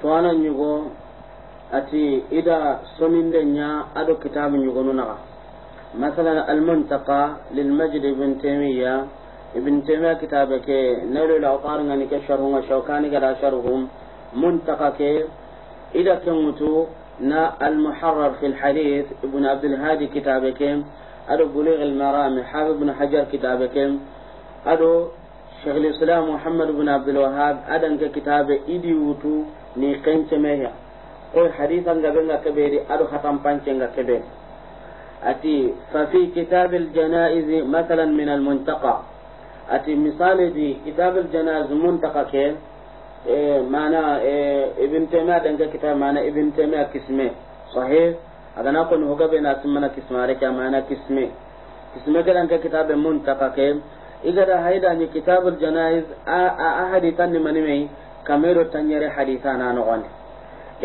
tuwana ñugo ati ida soninde nya ado kitabu ñugonu naxa masalan almuntaka lilmajid ibn temiya ibn temiya kitabu ke nailul awqar ngani ke sharhunga shawkani gada sharhum muntaka ke ida kemutu ŋutu na almuharrar fil hadith ibn abdulhadi kitabu ke ado bulig almarami habi ibn hajar kitabu ke ado شيخ الإسلام محمد بن عبد الوهاب ادنك كتاب إدي وتو ni kencemeya ko hadisan ga benga gabenga adu khatam hatan ga keɓeedi ati fa fi kitab al janaiz masalan min al almuntaqa ati di kitab al janaiz muntaka ke e mana e ibn tema ɗenke kitab mana ibn tema kisme sahih agana koni hogaɓena simmana kismare ke mana kisme kisme ga ke kitab al muntaka ke igada haydani kitabe aljanaiz a hadi tanni manimei كميرو تنيري حديثانا نغاني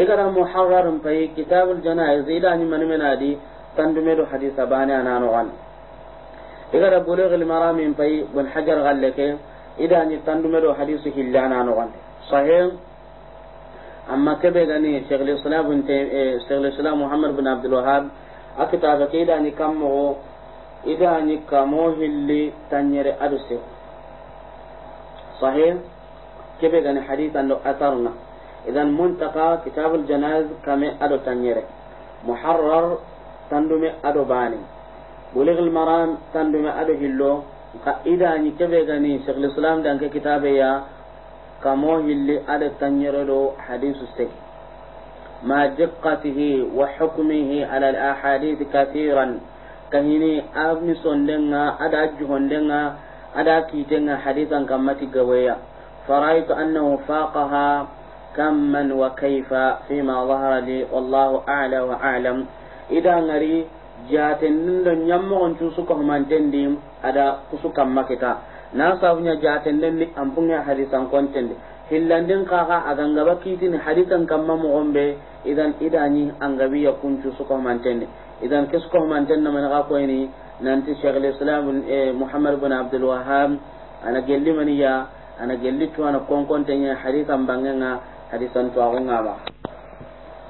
إقرأ محرر في كتاب الجنائز إلى من من هذه تندميرو حديث باني أنا نغني إقرأ المرام في بن حجر غلك إلى أن تندميرو حديثه هلا أنا نغاني صحيح أما كبيرني شيخ الإسلام بن إيه، شيخ الإسلام محمد بن عبد الوهاب أكتابك إلى أن كمه إذا أن كموه اللي تنيري أدوسي صحيح كيف يعني حديث أنه أثرنا إذا منتقى كتاب الجناز كم أدو تنيري محرر تندم أدو باني بلغ المرام تندم أدو هلو إذا أني يعني كيف يعني شيخ الإسلام دانك كتابي يا كمو أدو تنيري دو حديث السكي ما دقته وحكمه على الأحاديث كثيرا كهني أبنسون لنا أدا أجهن لنا أدا حديثا كمتي فرأيت أنه فاقها كما وكيف فيما ظهر لي والله أعلى وأعلم إذا نري jatennin da nyammogon cu suka humanten di ada kusukan makita na sahunya jatennin ni ampunya hadisan konten hillandin kaka a gangaba kiti ni hadisan kamma mogon be idan idani an gabi ya kuncu suka humanten idan ke suka humanten na mana kako ni nanti shaykhul islam muhammad bin abdul wahhab ana gelli tuwana konkontenye hadisan bangenga hadisan tuwaxungama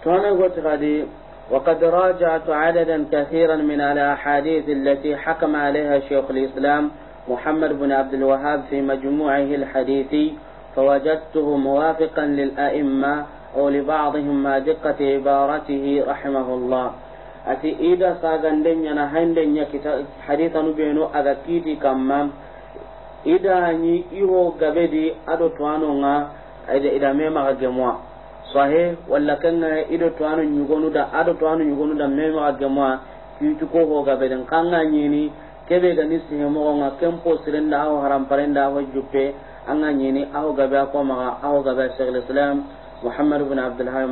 tuwana قلت kadi وقد راجعت عددا كثيرا من الأحاديث التي حكم عليها شيخ الإسلام محمد بن عبد الوهاب في مجموعه الحديثي فوجدته موافقا للأئمة أو لبعضهم ما دقة عبارته رحمه الله أتي إذا ساغن دنيا نهين دنيا حديثا نبينو كيتي كمام ni iho gabe di ado tuano nga ida ida mema ga gemwa sahe wala kanga ido tuano nyugonu da ado tuano nyugonu da mema ga gemwa kitu ko ho gabe den kanga nyini kebe ga ni sihemo nga kempo sirenda aw haram parenda aw juppe anga nyini aw gabe ko ma aw gabe shaykhul islam muhammad ibn abdul hayy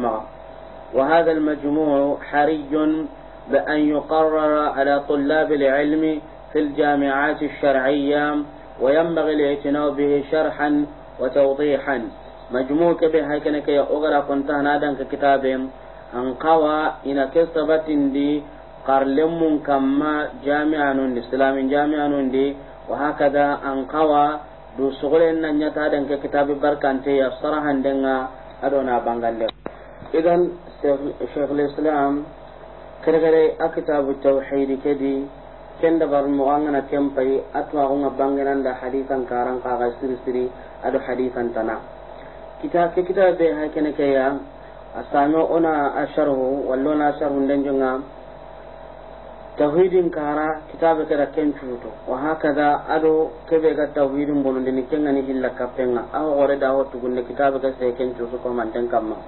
bi an yuqarrara ala tullab al على fi al في al shar'iyyah وينبغي الاعتناء به شرحا وتوضيحا مجموع كبه هكذا كي أغرى كنت هنادا ككتاب أن قوى إن كسبت دي قرلم كما جامعا إسلام جامعا دي وهكذا أن قوى دو سغلين أن يتادا ككتاب بركانتي صرحا دنا أدونا بانغان إذا شيخ الإسلام كرغري أكتاب التوحيد كدي kenda bar mo angana tempai atwa nga bangiran da hadisan karang kaga siri siri ado hadisan tana kita ke kita be ha kene ke ya asano ona asharu wallo na asharhu ndenjonga tawhidin kara ke da ken cuto wa hakaza ado kebe ga tawhidin bonon den kenga ni hilla kapenga aw gore da wotu gunne kitabe ga se ken cuto ko man den kamma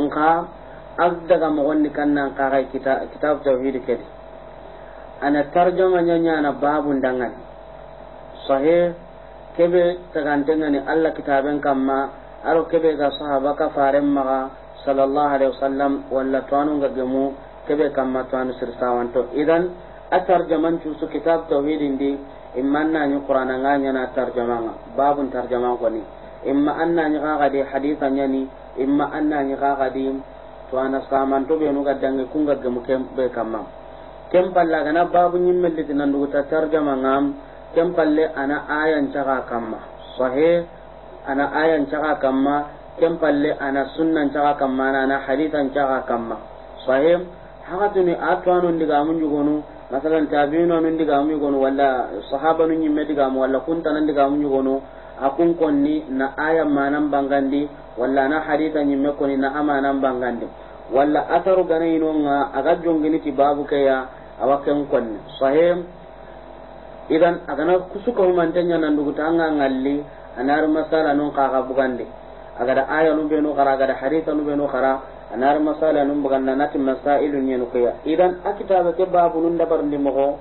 nka ag daga mo gonni kannan kaga kitab tawhid kedi ana tarjama nyanya na babun dangan sahih kebe tagantenga ni Allah kitaben kamma aro kebe ga sahaba ka faren maga sallallahu alaihi wasallam walla tanu ga gemu kebe kamma tanu idan a tarjaman su kitab tauhidin di imma ni qur'ana nganya na tarjama babu tarjama ko ni imma anna ni ga di haditha nyani imma anna ni ga di to ana be nu ga kunga gemu kebe kamma kem palla gana babu nyim dugu ta tarjama ngam kem palle ana ayan caga kamma sahe ana ayan caga kamma kem palle ana sunnan caga kamma ana ana hadisan caga kamma sahe ni atwanu twanun digamu ñugonu masalan tabiino nun digamu ñugonu wala sahaba nu ñimme wala kunta kuntanan digamu ñugonu a akun konni na ayan manan bangandi wala na hadisa nyimme konni na amanan bangandi wala ataru asaru ganayinonga aga jongini ti babu kaya awa wakan kwanne sahim idan agana kusuka humantenya nan duguta anga ngalli anar masala nun kaga bugande agada aya nun be no kara agada haditha nun be no kara anar masala nun buganda nati masailun nyen kuya idan ba ke babu nun dabar ndi mo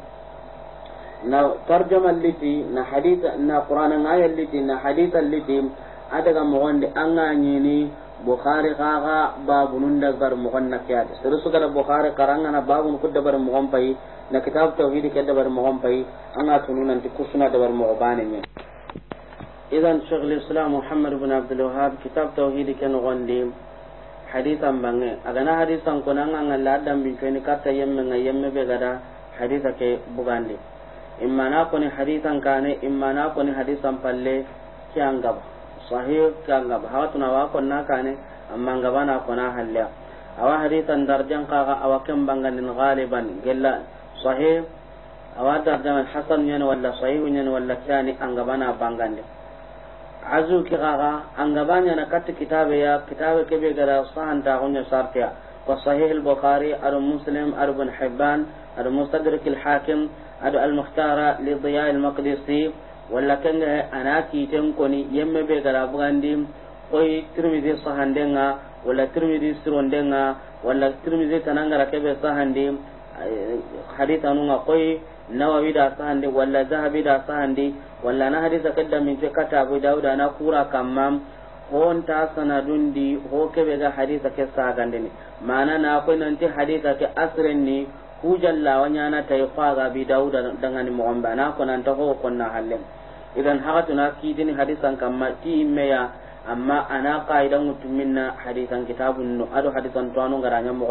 na tarjama liti na haditha na qur'ana aya liti na haditha liti ga mo wonde anga ne. bukhari kaga babunun da bar mugon na kiyade sir su gara bukhari karanga na babun kudda bar mugon pai na kitab tauhid ke da bar mugon pai anga sununan ti kusuna da bar mugon bane ne idan shaykh islam muhammad ibn abdul wahhab kitab tauhid ke no gonde hadisan bange agana hadisan ko nan an Allah dan bin ko ni katta yemme yemme be gada hadisa ke bugande imma na ko ni hadisan kane imma na ko ni hadisan palle ki an gaba صحيح كان بهات نوا كنا كان اما غبانا كنا حليا او حديثا درجان قاغا او كم بانن غالبا جل صحيح او درجان حسن ين ولا صحيح ين ولا كان انغبانا بانغان عزو كغا انغبانا نكت كتاب يا كتاب كبي غرا صحن داغون صارتيا وصحيح البخاري أو مسلم أو ابن حبان أو مستدرك الحاكم أو المختارة لضياء المقدسي walla kenga ana kiten koni yemme be gara bugandi koy tirmizi sahandenga walla tirmidhi sirondenga walla tirmidhi tanangara kebe sahandi eh, hadith anunga koy nawawi da sahandi walla zahabi da sahandi walla na hadith kadda min fi kata bu dauda na kura kamma hon ta sanadun di ho kebe ga hadith ke sagandini mana na koy nanti hadith ke asren ni ku jalla na tay qaga bi dauda dengan mu'amba na ko nan to ko konna halle idan tuna kidin hadisan kamma ti meya amma ana mutumin na hadisan kitabun no ado hadisan to anu garanya mo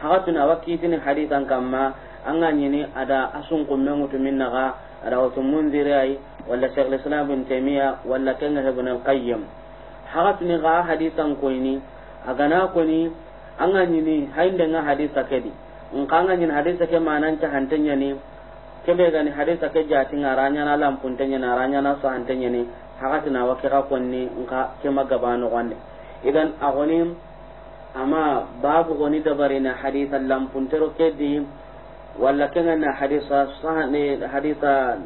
haka tuna wa kidin hadisan kamma an ganyini ada asun mutumin na ga ada wasu munziri ai wala shaykh islam bin taymiya wala kanga ibn al-qayyim hakatuni ga hadisan koini agana koini an ganyini da nga hadisa kedi nkanga nyin hadisa ke manan ta hantanya ne kebe gani hadisa ke jati ngaranya na lampuntanya na aranya na so hantanya ne haka tina wake ka konni nka ke magabano wanne idan agoni amma babu goni bare na hadisa lampuntero ke di walla ke na hadisa sahne hadisa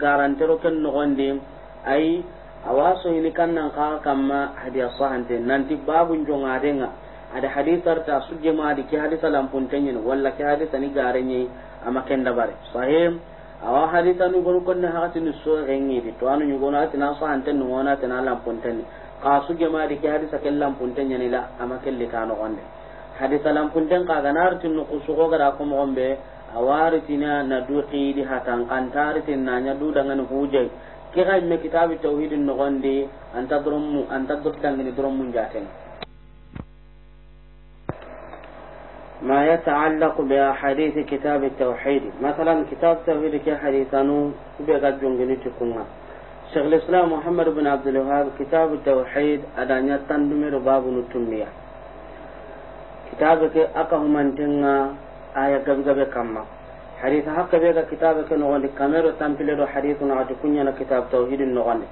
garantero ken no gonde ai awaso hini kannan ka kamma hadiya sahante nanti babu denga ada hadisar ta ma di ki hadisa lampuntenye no walla ki hadisa ni garenye ama kenda bare sahim awa hadisa nu gonu konna hakati ni so renye di to anu nyugo na tina so hanten no na tina lampuntenye ka ma di ki hadisa kel lampuntenye ni la ama kelle ka no gonde hadisa lampunten ka ganar tin nu no go gara ko mo gombe awaritina na duqi di hatan tin na nya du dangan huje ki ga me kitab tauhidin no gonde antadrum antadrum tan ni drum mun jaten ما يتعلق بأحاديث كتاب التوحيد مثلا كتاب التوحيد كحديثانو بغد جنجنتكم شيخ الإسلام محمد بن عبد الوهاب كتاب التوحيد أدانيا تندمر باب نتمية كتابك أقهم أنتنا آية قبقب كما حديث حق بيغا كتابك نغني كاميرو تنبليرو حديث نعجكنيا كتاب توحيد نغني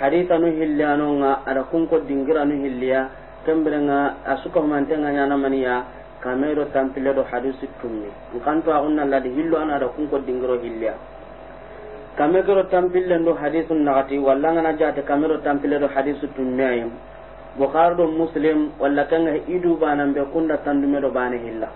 حديث نهليانونا أدكم قد دنجرا نهليا كمبرنا أسكهم أنتنا يانا منيا kame do tampile do hadisi tunni nkanto axunna ladi hillo ana da kunko dingiro hilliya kame kero tampille do hadisu naxati walla ngana jate kame do tampile do hadisu tunneayim bukhari do muslim walla kanga idu banan be kunda tandume do bane hilla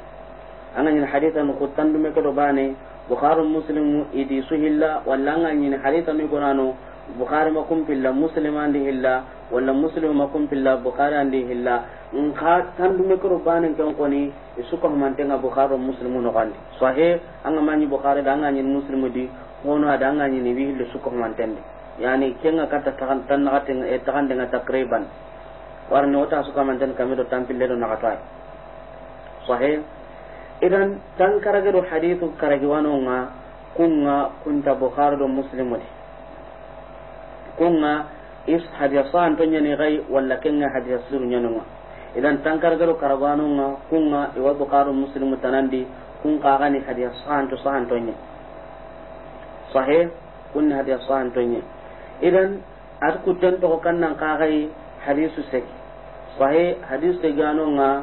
anga ñin hadisanu ku tandume ko do bane bukhari muslim idi su hilla walla anga ñin hadisanu igonano bukhari makum filla muslim andi hilla wala muslim makum filla bukhari andi hilla in ka tandu me koro banen kan koni isu ko mantenga bukhari muslimu no kandi sahe ma ni bukhari da anga muslimu di wono ada anga ni wi hillo su ko mantende yani kenga kata tan tan eh, na kata e takan dengan takriban warni ta su ko manten kami do tampille do kata sahe idan tan karage do hadithu karage wanonga kunga kunta bukhari do muslimu di konga is hadiasa anto ñani xay walla kenga hadia siru ñanunga idan tankargaro karaganunga kunga iwa bukaru muslimu tanandi kun kagani hadia sahanto sahanto ñe sahe kunni hadia sahanto ñe idan at kutten toxo kannan kagayi hadisu segi sahe hadisu segianonga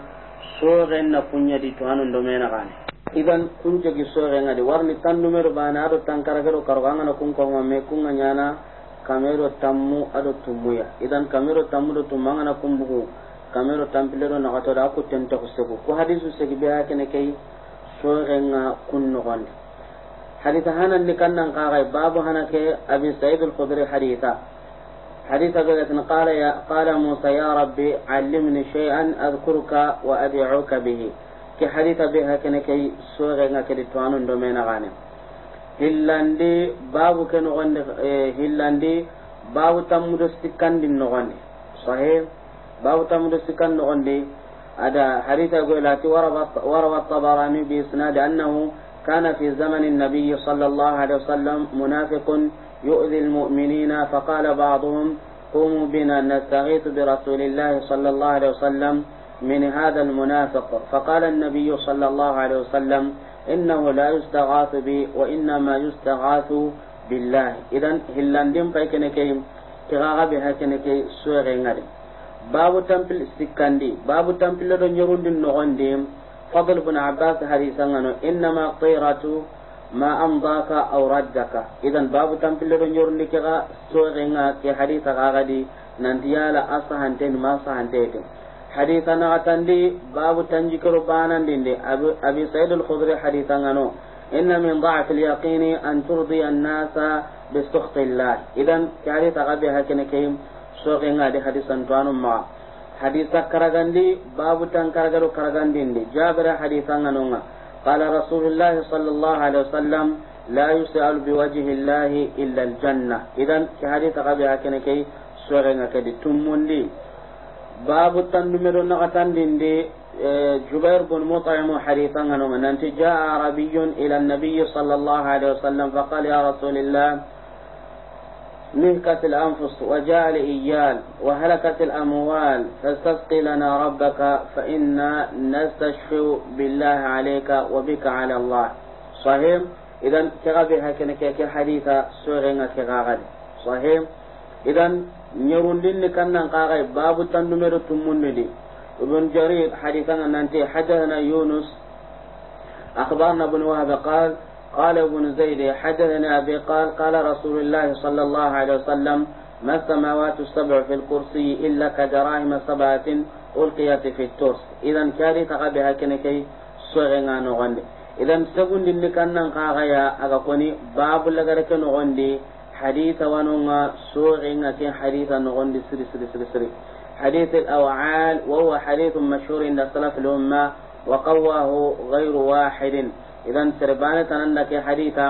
soren na funñadi to anun domenaxane idan kun jegi sorenadi warni tan numero bane aɗo tankargaro karoganga na kun kongame kunga ñana kamero tammu ado tumuya idan kamero tammu do tumma ngana kumbu kamero tampile do na gato da ku tento ko ku ko hadisu segi be ha kene kai so renga kunno gon hadisa hanan ni kan ka gai babu hanake abi sa'id al khudri hadisa hadisa ga tan qala ya qala musa ya rabbi allimni shay'an adhkuruka wa ad'uka bihi ki hadisa be ha kene kai so renga kedi tuanun do mena ganem hillandi babu ke nogonde eh, hillandi babu tammudo sikkandi صحيح sahih babu tammudo sikkan nogonde حديث haditha go ilati warawa بإسناد أنه كان في زمن النبي صلى الله عليه وسلم منافق يؤذي المؤمنين فقال بعضهم قوموا بنا نستغيث برسول الله صلى الله عليه وسلم من هذا المنافق فقال النبي صلى الله عليه وسلم إنه لا يستغاث بي وإنما يستغاث بالله إذن هلان دين هلاندين فايكنكيم كغاغا بها كنكي سوغي ناري باب تنبل دي باب تنبل دون يرون دين نغن دين فضل بن عباس حديثا إنما طيرة ما أمضاك أو ردك إذن باب تنبل دون يرون دين كغا سوغي ناري كحديثا نانديالا أصحان أصحانتين ما صحانتين حديثا نغتندي باب تنجكر بانا دندي أبي سيد الخضري حديثا غنو إن من ضعف اليقين أن ترضي الناس بسخط الله إذا كاري تغبي هكين كيم سوغين هذه حديثا توان مع حديثا كرغندي باب تنكرغلو كرغندي جابر حديثا غنو قال رسول الله صلى الله عليه وسلم لا يسأل بوجه الله إلا الجنة إذا كاري تغبي هكين كي سوغين هكين تمون لي باب التنمر نغتن لندي آه، جبير بن مطعم حريثا أنهم أنت جاء عربي إلى النبي صلى الله عليه وسلم فقال يا رسول الله نهكت الأنفس وجاء لإيال وهلكت الأموال فاستسقي لنا ربك فإنا نستشفي بالله عليك وبك على الله صحيح إذا كغبها كنكي حديثة سورة كغاغد صحيح إذا nyarundinni kannan kaxay babu tannumedo ابن جرير حديثا أن أنت حدثنا يونس أخبرنا ابن وهب قال قال ابن زيد حدثنا أبي قال قال رسول الله صلى الله عليه وسلم ما السماوات السبع في الكرسي إلا كدراهم سبعة ألقيت في الترس إذا كاري تقبها كنكي سوغينا نغني إذا سبن اللي كان نقاغيا أغاقوني باب لغرك نغني حديث ونونا سوعنا كين حديث نغن سري سري سري سري حديث الأوعال وهو حديث مشهور عند سلف الأمة وقواه غير واحد إذا سربانة أنك حديثا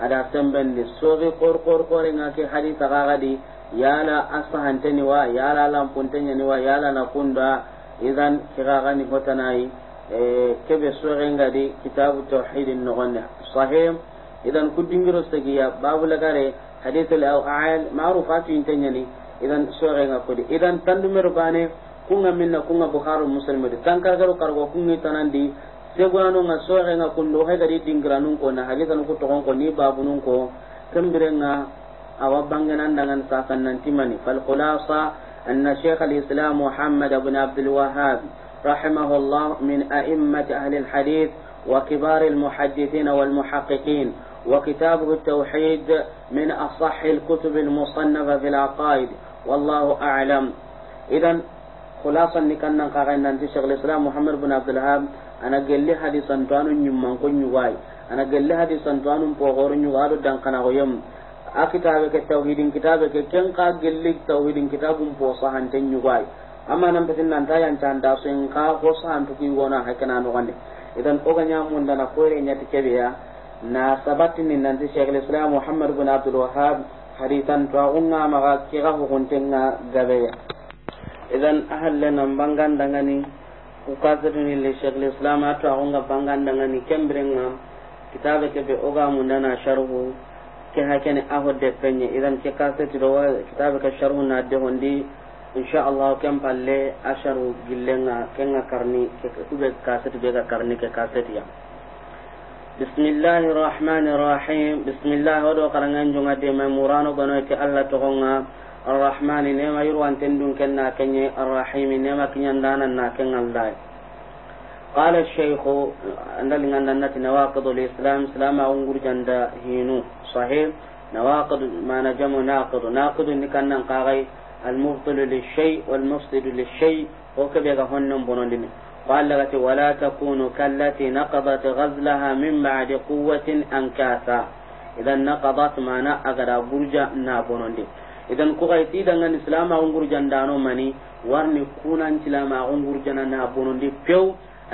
ada semben di sogi kor kor kor nga ke hadita gagadi yala asahante ni wa yala lampunte ni wa yala nakunda idan kigagani hotanai kebe sogi ngadi kitabu tauhidin nogonna sahim idan kudingiro segiya babu lagare hadith al-a'al ma'ruf ati intanyani idan sore nga kodi idan tandumeru bane kunga minna kunga bukhari muslim de tankar garu kargo kungi tanandi segwano nga sore nga kullu hay gari dingranun ko na hadith an ko togon ko ni babunun ko tambire nga awa banganan dangan sakan nan timani fal khulasa أن شيخ الإسلام محمد بن عبد الوهاب رحمه الله من أئمة أهل الحديث وكبار المحدثين والمحققين وكتابه التوحيد من أصح الكتب المصنفة في العقائد والله أعلم إذا خلاصة نكنا قاعدنا أنت شيخ الإسلام محمد بن عبد الهاب أنا قل لي حديثا سنتوان نيمان كن يواي أنا قل لي حديثا سنتوان بوغور يوارو دان كنا غيم أكتابك التوحيد كتابك كن قا قال لي توحيد كتاب بوصا هنتن يواي أما نمتنا يعني أنت أنت أنت أصنقا بوصا هنتكي ونا هكنا نغني إذا أغنى من دانا كوري نتكبيا na sabati ni nanti Sheikh Islam Muhammad bin Abdul Wahhab haritan to unga ma ga kira ho gabe ya. idan ahalle nan bangan daga ni ku kazirin le Sheikh Islam ato unga bangan daga ni kembren ma kitabe ke be oga mun dana sharhu ke hakan aho de penye idan ke kase tiro kitabe ke sharhu na de hondi insha Allah kan palle asharu gillenga kenga karni ke kube kase tibe ka karni ke kase tiya بسم الله الرحمن الرحيم بسم الله ودو قرن انجو غدي ممورانو بنوك الله تغنى الرحمن نيما يروان تندون كنا كني الرحيم نيما كني اندانا ناكن الله قال الشيخ عند لنا نواقض الاسلام سلام انغور جندا هينو صحيح نواقض ما نجم ناقض ناقض نكنا قاغي المبطل للشيء والمفسد للشيء وكبيغه هنن بنون قال لك ولا تكون كالتي نقضت غزلها من بعد قوة أنكاسا إذا نقضت ما أقرأ برجا نابون إذا قغيت إذا أن الإسلام أنقر جندانو مني ورني كون أنت لما أنقر جندانو نابون دي بيو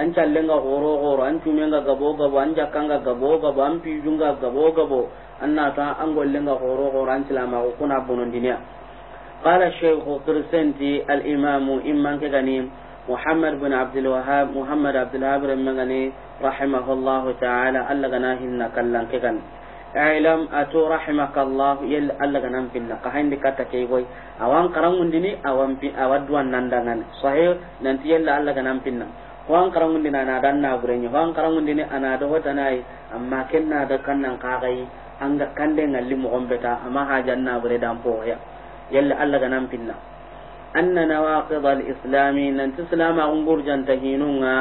أنت لنغا غورو غورو أنت مينغا غبو غبو أنت كانغا غبو غبو أنت جنغا غبو غبو أنا تا أنقر لنغا غورو غورو أنت لما أنقر نابون دي قال الشيخ قرسنتي الإمام إمان كغنيم محمد بن عبد الوهاب محمد عبد الوهاب رمغني رحمه الله تعالى ألا هنا كلاً كغن اعلم أتو رحمك الله يل ألا في الله هين دي كتا كيوي أوان قرامون ديني أوان في أودوان نندغن صحيح ننتي يل ألا في الله وان karangun دينا نادان نابرين وان burenya ديني أنا دوتنا ana da wata nayi amma ken na da kannan kagai an ga kande ngalli mu gombeta amma hajan أن نواقض الإسلام لن تسلم غرجا تهينها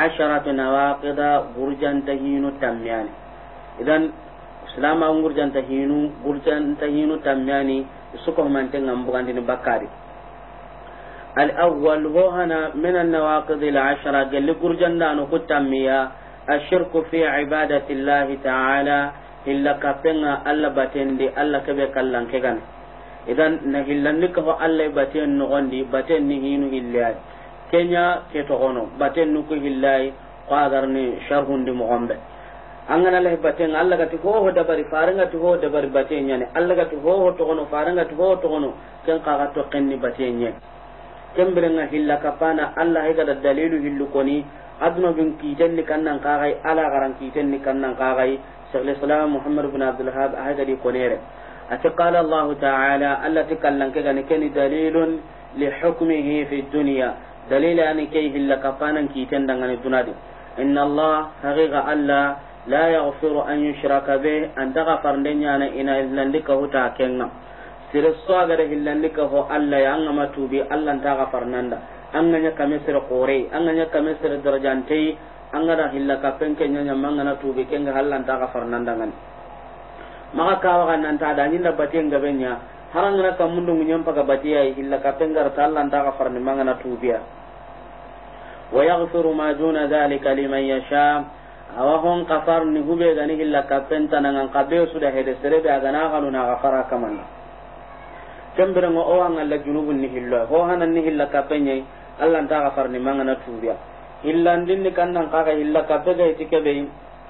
عشرة نواقض غرجا تهين تميان إذا إسلام غرجا تهين غرجا تهين تميان سكه من تنغم بغاندين بكاري الأول هو هنا من النواقض العشرة قال لغرجا دانو قتميا الشرك في عبادة الله تعالى إلا كبنا ألا باتندي ألا كبير كلا كغاني idan na hillandi ka fa Allah baten no gondi baten ni hinu hillai kenya ke to gono baten nu ko hillai qadar ni sharhundi an gombe angana lahi baten Allah gati ho ho dabari faranga to ho dabari baten nyane Allah gati ho ho to gono faranga to ho to gono ken ga to kenni baten nyane kembirenga hilla kapana Allah ga da dalilu hillu koni adno bin kitenni kannan ga ala garan kitenni kannan kagai Syaikhul Islam Muhammad ibn Abdul Wahhab ahagadi konere ati qala allah ta'ala allah tikallan ke gani keni dalilun li hukmihi fi dunya dalila ani ke hilla kafanan kiten dangane dunadi inna allah haqiqa alla la yaghfiru an yushraka be anda gafarnden yana ina illandika huta kenna sire sogare hillandika ho alla ya anga matubi alla nta gafarnanda anga nya kamesir qore anga nya kamesir darajante anga da hilla kapen kenya nya mangana tubi kenga alla nta maka kawaka nan ta dani da batin gabenya haran na kan mundu munyan paka batiya illa ka pengar tallan ta kafar farni mangana tubiya wa yaghfiru ma duna dhalika liman yasha awa hon kafar ni hube gani illa ka penta nan ka be su da hede serebe aga na kanu na gafara kaman kembere ngo owa ngalla junubun ni hillo ho hanan ni illa ka penye allah ta ka farni mangana tubiya illa ndin ni kan nan ka illa ka be ga be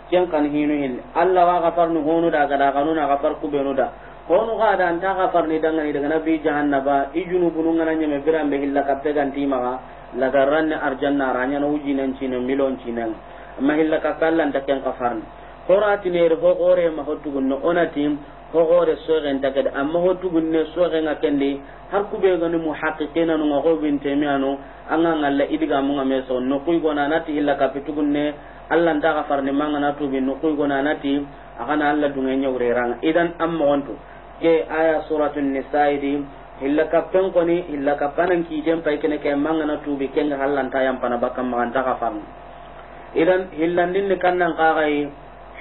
ken kan hinu hin Allah wa gafar nu honu da gada kanu na gafar ku benu da honu ga da anta gafar ni danga ni daga nabi jahannaba ijunu bunu ngana nyame biran be hilla kapte ganti ma la garran arjanna ranya no nan cinan milon cinan amma hilla kakallan ta ken kafarni horati ne ho gore ma hotugun no onatim ho gore sogen tagad amma hotugun ne sogen akende har kube gani muhaqqiqina no go bin temiano anga ngalla idiga mu ngame so no kuy gona nati hilla kapitugun gunne allah nta ka farni mangana tubi nukuy gona nati na allah dunge ran idan an wonto ke aya suratu nisaidi hilla kappen koni hilla ki jem pai kene ke mangana tubi yam pana bakam bakkan maganta ka farni idan hillandinni kannan kaxayi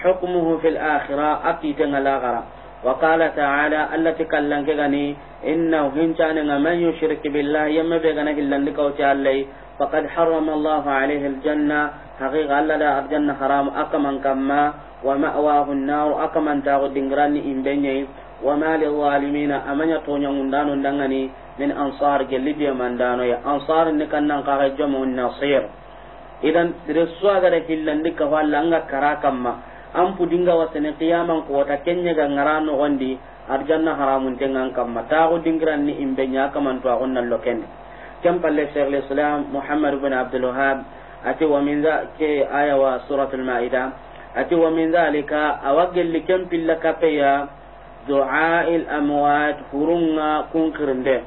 hukmuhu fil akhirah a kiitenga gara وقال تعالى التي كلن غني إنه هنشان من يشرك بالله يم بغنى إلا لكوتي علي فقد حرم الله عليه الجنة حقيقة ألا لا الجنة حرام أكمن كما ومأواه النار أكمن تاغد دنگراني إن بني وما للظالمين أمن يطون يمندان دنغني من أنصار جلد يمندانو يا أنصار نكنا قاعد جمع النصير إذن رسوة غير إلا لكوال لنغا كراكما an pudinga wasene qiyaman ko wata kenya ga ngarano wandi arjanna haramun tengan kamma ta go dingran ni imbenya kaman to agonna loken kam palle sheikh islam muhammad ibn abdul wahab ati wa min za ke aya wa suratul maida ati wa min zalika awagel likem pilla kapeya du'a'il amwat hurunga kunkirnde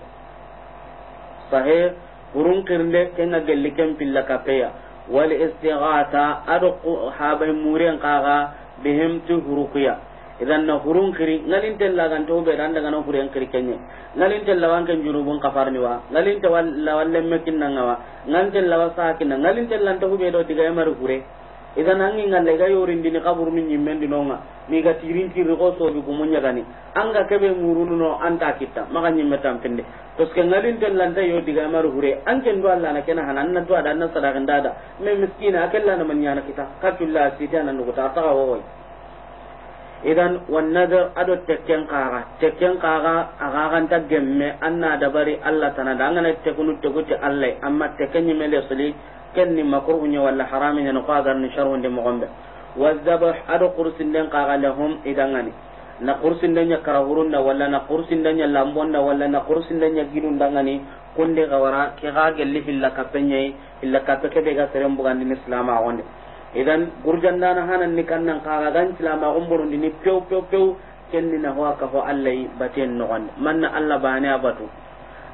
sahe hurunkirnde kenna gelikem pilla kapeya والاستغاثة أدق حاب مورين قاغا بهم تهرقيا idan na hurun kiri ngalin tella kan to be dan daga kiri kenye ngalin tella wan kan junubun kafarni wa ngalin tella wan lemme kinna ngawa ngalin tella wasa kinna ngalin tella to be do tiga yamar hure idan an inga daga yorin dini kabur min nyimmen dino nga mi ga tirin tirin ko so bi gumunya gani an kebe ngurunu no anta kita maka nyimme tampinde to ske ngalin den lanta yo diga mar hure an ken do Allah na kena hanan na to ada na sadakan dada me miskina akalla na manya na kita katulla sitana nugo ta ta wo idan wannadar ado tekken kaga tekken kaga a kagan ta gemme anna dabari Allah tana da tekunu tekuti Allah amma tekken yi mele suli ken ni makruh nya wala haram nya no qadar ni sharh de mo gombe wa dhabh ado qursin den qaga lahum idangani na qursin den nya karahurun wala na qursin den nya lambon da wala na qursin den nya gidun dangani kunde gawara ke ga gelli hilla kapenye illa kapeke be ga serem bugan ni islama wonde idan gurjan gurjandana hanan ni kannan kaga gan silama gumburun ni pew pew pew kenni na ho ka ho Allah baten no man na Allah bane abatu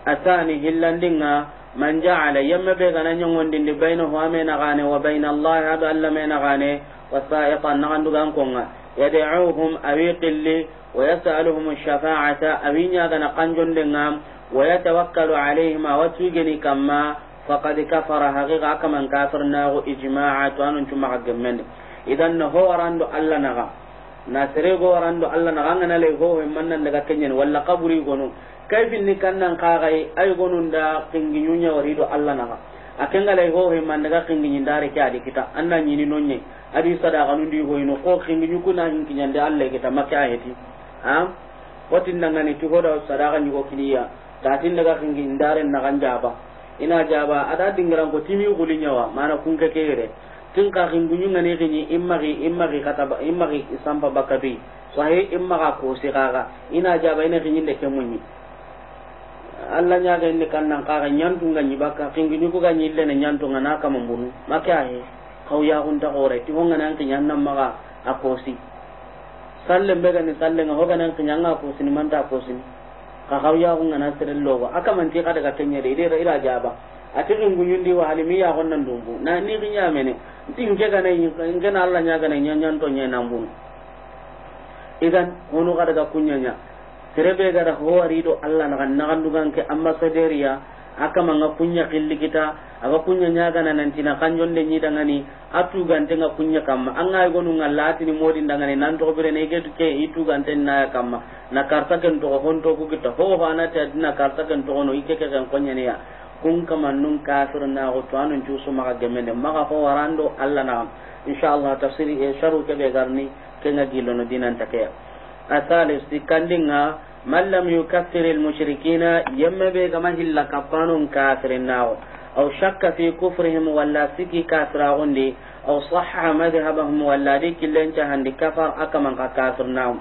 asani hillandinga من جعل يم بيغنا نيون دين بينه وامين غاني وبين الله هذا اللمين غاني والسائق النغن دغان كونا يدعوهم أويق اللي ويسألهم الشفاعة أوين يغنا قنجون لنغام ويتوكل عليهما وتيغني كما فقد كفر حقيقة كمن كافرناه إجماعة وانو انتم حقمين إذن هو راندو اللنغام na sere go do Allah na na le go man nan daga kenyen walla kaburi gono kaifin ni kannan kagai ay gonun da wari do Allah na ga akenga le go he man daga kinginyin dare kya de kita anna nyini nonye adi ga nundi go ino ko kingi kinginyu kuna kinginyan de Allah kita makya heti ha watin nan ngani to hoda sadaqa ni go kiniya tatin daga kingi ndare na ganja ba ina jaba ada dingran ko timi gulinya wa mana kun ke kere kin ka kin gunyu ngane kin imma ri imma ri kata ba imma ri samba bakabe sahe imma ka ko se kaga ina jaba ina kin ne ke munyi Allah nya ga ni kannan kaga nyantu nganyi baka kin gunyu ko ganyi le ne nyantu na ka bunu maka ai kau ya kun ta gore ti honga nan kin yannan maga akosi sallen be ni sallen ho nan kin yanga akosi ni manta akosi ka kau ya kun ngana sirin logo aka man ti ka ka tanya de ira ira jaba ati gungunyundi wa halimi ya gonnan dumbu na ni ginya mene tin ke gana in gana Allah nya gana nya nya idan hono kada ga kunyanya terebe gara ho arido Allah na ganna gandu ganke amma aka manga kunya kita aga kunya nya gana nan tina kanjon de nyi dangani atu gante nga kunya kamma anga ay gonu ngalla tini modi dangani nan to bire ne itu gante na kamma na karta ku kita ho na karta kan kunya ne ya kun kama nun kafir na ko to anun ju su maka gemen ne maka ko warando Allah na insha Allah tafsiri e sharu ke be garni ke na gilono dinan ta ke asalis dikandinga man lam yukaffir mushrikina yamma be gaman hilla kafanun kafir na o aw shakka fi kufrihim walla siki kafira gundi aw sahha madhhabahum walla dikil lan ta handi kafar man ka kafir na o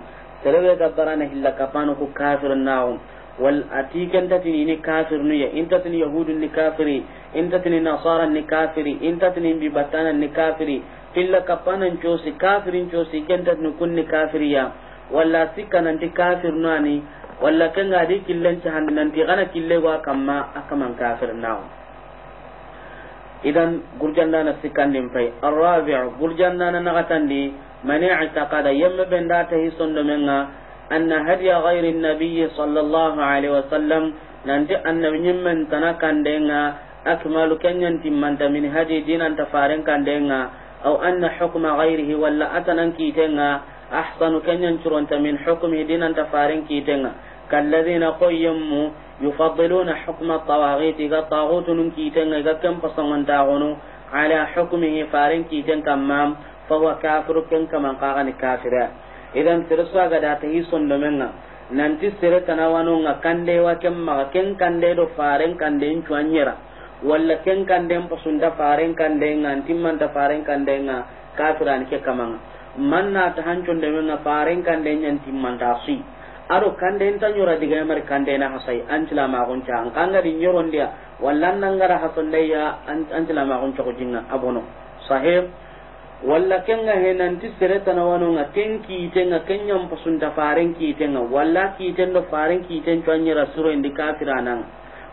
tere be gabara na hilla kafanu ku kafir na o wal atikan tatini ni kafir nu ya in tatini yahudun ni kafiri in tatini nasaran ni kafiri in tatini bi batana ni kafiri illa kapanan cosi kafirin cosi ken tatini kun ni kafiri ya walla sikana nanti kafir nu ani walla ken ga di killen ci handi nanti kana kille wa kamma akaman kafir nawo idan gurjanda na sikandin fai arrabi'u gurjanda na nagatandi mani i'taqada yamma benda ta hisondo menga أن هدي غير النبي صلى الله عليه وسلم nanti annabi nyimmen tana kandenga akmalu kenyan timmanta min hadi dinan tafaren kandenga aw anna hukma ghairihi walla atanan kitenga ahsanu kenyan curonta min hukmi dinan tafaren kitenga kalladhina qayyammu yufaddiluna hukma at-tawaghit ga taghutun kitenga ga kam pasangonta gono ala hukmihi faren kiten kamma fa huwa kafiru ken kaman qagani kafira idan tere suwa ga da ta yi sondomenga nanti sere tanawanonga kandewa ken maga ken kande do faren kande in cuanyera walla ken kande pasunta faren kande nga antimmanta faren kande nga kafirani ke kamanga man na ta hanconde menga faren kande nyantimmanta sui ado kande nta nyora diga yamar kande na hasai antila ma gunta an kanga di nyoron dia wallan nangara hasonde ya antila ma gunta ko jinna abono sahib walla kenga henanti seretana wanonga ken kiitenga ken ñampasunta faren kiitenga walla kiiten do faren kiiten coanyira suroindi kafirananga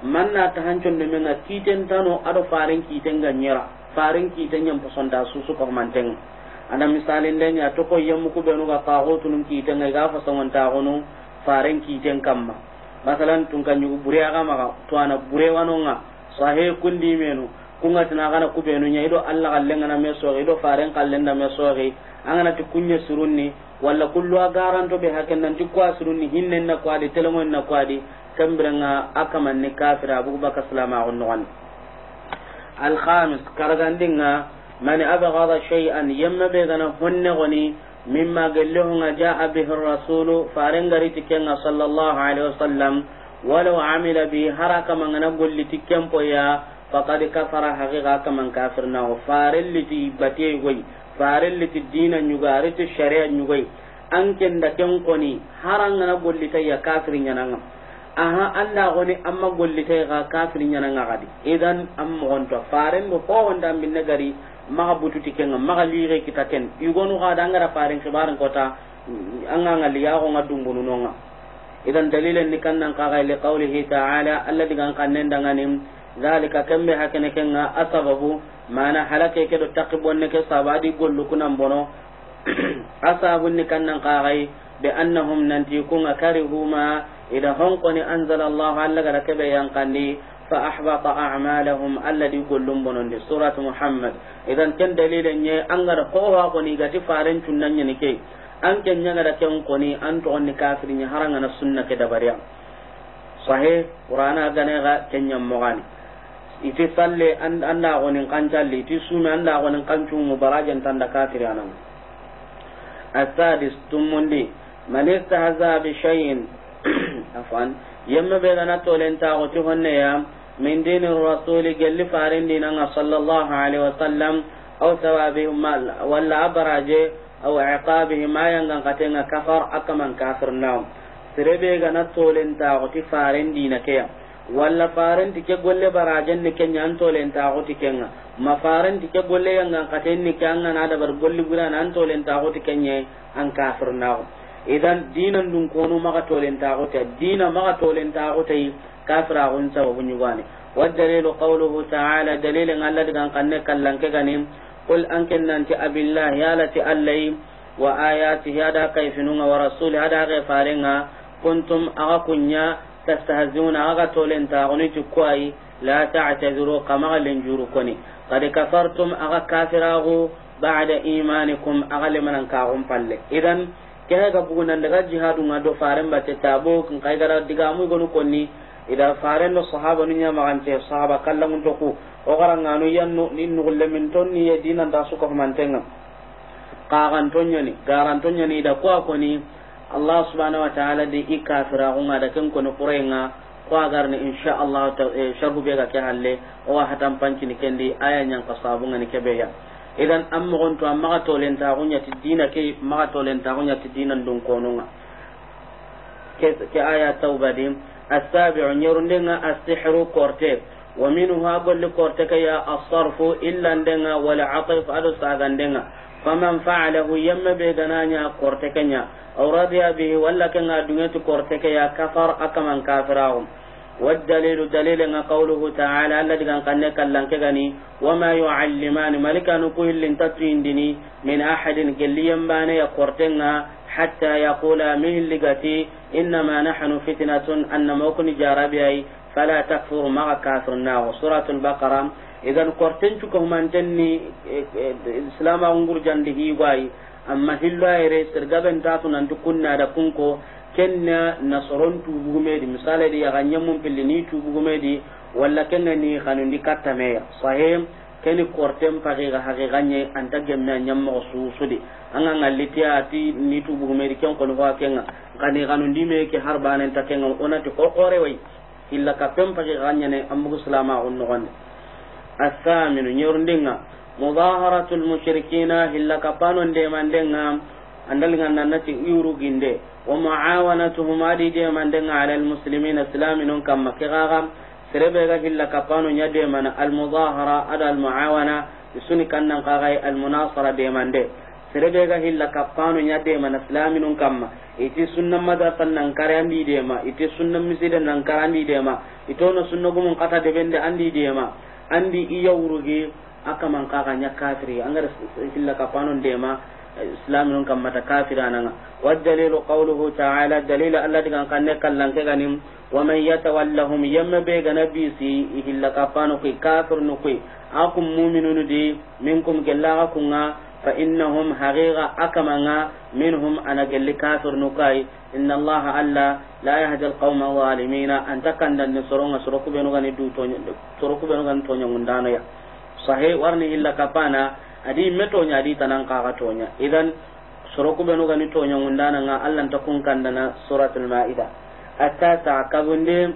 man na tahancondo menga kiiten tano aɗo faren kiitenga ñera faren kiiten ñampasonta susukahumantenga anda misali ndeni a toko yemmukuɓenuga kaxotunum kiitenga iga fasongontaxunu faren kiiten kamma masalan tunka ñugu ɓure axamaxa toana ɓure wanonga sahe menu kunga tana gana kubenu nunya ido kallen gana me farin ido faren me meso an angana ti kunya surunni walla kullu agaran to be haken nan ti kwa surunni hinnen na kwadi telengon na kwadi kambiranga akaman ni kafira abu baka salama on non al khamis karagandinga aba abghada shay'an yamma be gana honne goni mimma gallehunga jaa bihi rasulu gari tikenga sallallahu alaihi wasallam walau amila bi haraka mangana golli tikken ya. faqad kafara haqiqa kaman kafirna wa farelli ti bate goy farelli ti dina nyugari ti sharia nyugay an kenda ken koni haranga na golli tay ya kafirin yananga aha Allah goni amma golli tay ga kafirin yananga gadi idan am gonto faren do ko wanda min nagari maga bututi kenga maga liire kita ken igonu ga dangara faren kibarin kota an ga ngali ya go ngadumbunu nga idan dalilan ni kannan kaga li qawlihi ta'ala alladhi kan kannen danganim zalika kamme hakene kenga asababu mana halake ke do taqibonne ke sabadi gollu kunan bono asabun ni kannan qarai bi annahum nanti kunga karihuma ida honqoni anzala allah alla gara kebe yankandi fa ahbata a'malahum alladi gollum bonondi surat muhammad idan ken dalilen an gara kowa koni gati faren cunnan ye ke an ken nyaga da ken koni an to onni kafirin haranga na sunna ke dabariya sahih qur'ana gane ga kenyam mogani iti salle anda gonin kancalle iti sumi anda gonin kancungu barajen tanda kafir anan asadis tumundi man haza bi shay'in afwan yamma be to tolen ta goti honne ya min dini rasul gelli farin dinan sallallahu alaihi wasallam aw thawabihim walla abaraje aw iqabihim ayangan katenga kafar akaman kafir naw sirebe to tolen ta goti farin dinake ya walla farenti ke golle barajen ni kenya antolen ta goti kenga ma farenti ke golle yanga katen ni kanga na da bar golli bura na antolen ta goti kenya an kafir nawo idan dinan dun kono maka tolen ta goti dina maka tolen ta goti kafira gun sababu nyugani والدليل قوله تعالى دليل أن الله كان قلنا كلن كغني قل أن كنا أنت أبي الله يا لتي ألي وآياته هذا كيف نونا ورسول هذا غفارنا كنتم أغكنيا تستهزئون أغا تولين تاغني تكوي لا تعتذروا كما لنجورو كوني قد كفرتم أغا كافراغو بعد إيمانكم أغا لمن كاغم فالي إذن kene ga bugunan daga jihadu nga do faren ba te tabo kin kai gara diga mu gonu konni ida faren do sahaba nunya magante sahaba kallamun to ku o gara nganu yannu nin nugulle min tonni da su ko mantenga ka gan tonyo ni da kwa koni allah subhanahu wa ta'ala di i kafira unga da ken kono qurayna ko agar ni insha allah eh, sharhu be ga ke halle o wa hatan panci ni kendi aya yang kasabu ngani ke be ya idan am mo gonto ma tolen ta gunya ti dina ke ma tolen ta gunya ti dina dun kono nga ke ke aya tauba astihru korte wa السحر كورتي ومنها korte كورتك يا الصرف إلا ندنا ولا عطف أدو ساغندنا faman fa'alahu yamma be gananya korte kenya aw radiya bihi walla kan adungatu korte ke ya kafar akaman kafirahum والدليل دليل قوله تعالى الذي كان قد كلن كغني وما يعلمان ملك نكو لن تتويندني من احد قلي يمبان يقرتنا حتى يقول من لغتي انما نحن فتنه ان موكن جاربي فلا تكفر مع كافرنا سوره البقره idan korten cuka humanten ni e, e, islama ngurjandi higwayi amma hilloyere sirgaben tatu nanti kunna da kunko kenna nasoron tubugumedi misala di yaganye mun pilli ni tubugumedi walla kenna ni hanundi kattameya sahim keni korten pagiga hakiganye anta gemme a ñammogo susudi anga ngallitiya ati ni tubugumedi ken koni hoa kenga kani hanundi me ke har banenta kenga onati kokoreway illa ka kappen pagiga ganyane ammugu silama gun nogonde الثامن يرندنا مظاهرة المشركين هلا كبانون ديماندنا andalga nannati iwruginde wa muawanatuhum adi demandenga ala almuslimin islaminon kamma kexaxa serebega hilla kappano ña demana almudahara ada almuawana isuni kannan kaxay almunasara demande serebega hilla kappano ña demana islaminun كما iti sunna madrasa nankare andi dema iti sunna nan nankare andi dema itono sunna gumun kata bende andi dema andi iya wuruge man kaka nya kafiri angara silla kapanon dema islam non kam mata kafira wa dalilu qawluhu ta'ala dalila allah digan ne kallan ke ganim wa man yatawallahum yamma be ganabi si hilla panon ku kafir nu ku akum mu'minunu di minkum gella akunga fa innahum haqiqa akamanga minhum ana gelli kafir nukai inna allaha alla la yahdi alqawma zalimina anta kandan ni soronga soroku benu gani du tonya soroku benu gani tonya ngundano ya sahe warni illa kapana adi metonya adi tanang kaka tonya idan soroku benu gani tonya ngundana nga allan takun kandana suratul maida atasa kabundi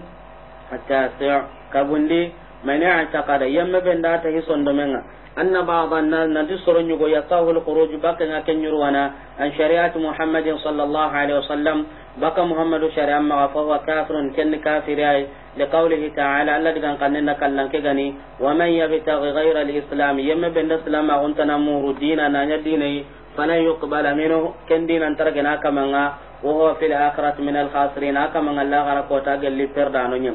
atasa kabundi mani a takada yamma ben da ta hison domenga أن بعض الناس نتصر نجو يطاه الخروج بقى كنيروانا عن شريعة محمد صلى الله عليه وسلم بقى محمد شريعة ما فهو كافر كن كافر أي لقوله تعالى الذي كان قننا كلن كغني ومن يبتغي غير الإسلام يم بن الإسلام أنت نمور ديننا يديني فلن يقبل منه كن دينا ترقنا كمانا وهو في الآخرة من الخاسرين كمنا الله غرق وتاقل لفردانو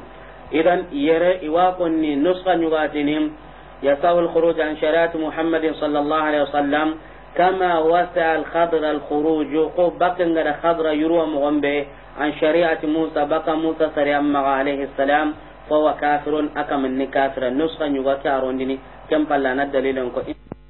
إذا يرى إواقني نسخة نغاتنهم يسعه الخروج عن شريعة محمد صلى الله عليه وسلم كما وسع الخضر الخروج قب بقى خضر يروى مغنبه عن شريعة موسى بقى موسى سريع عليه السلام فهو كافر أكمل كافر النسخة يغاكي أروندني كم فلانا دليل